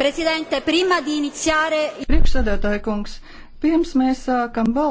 Prezidente, prima di iniziare... Priekšsēdētāja kungs, pirms mēs sākam balsot.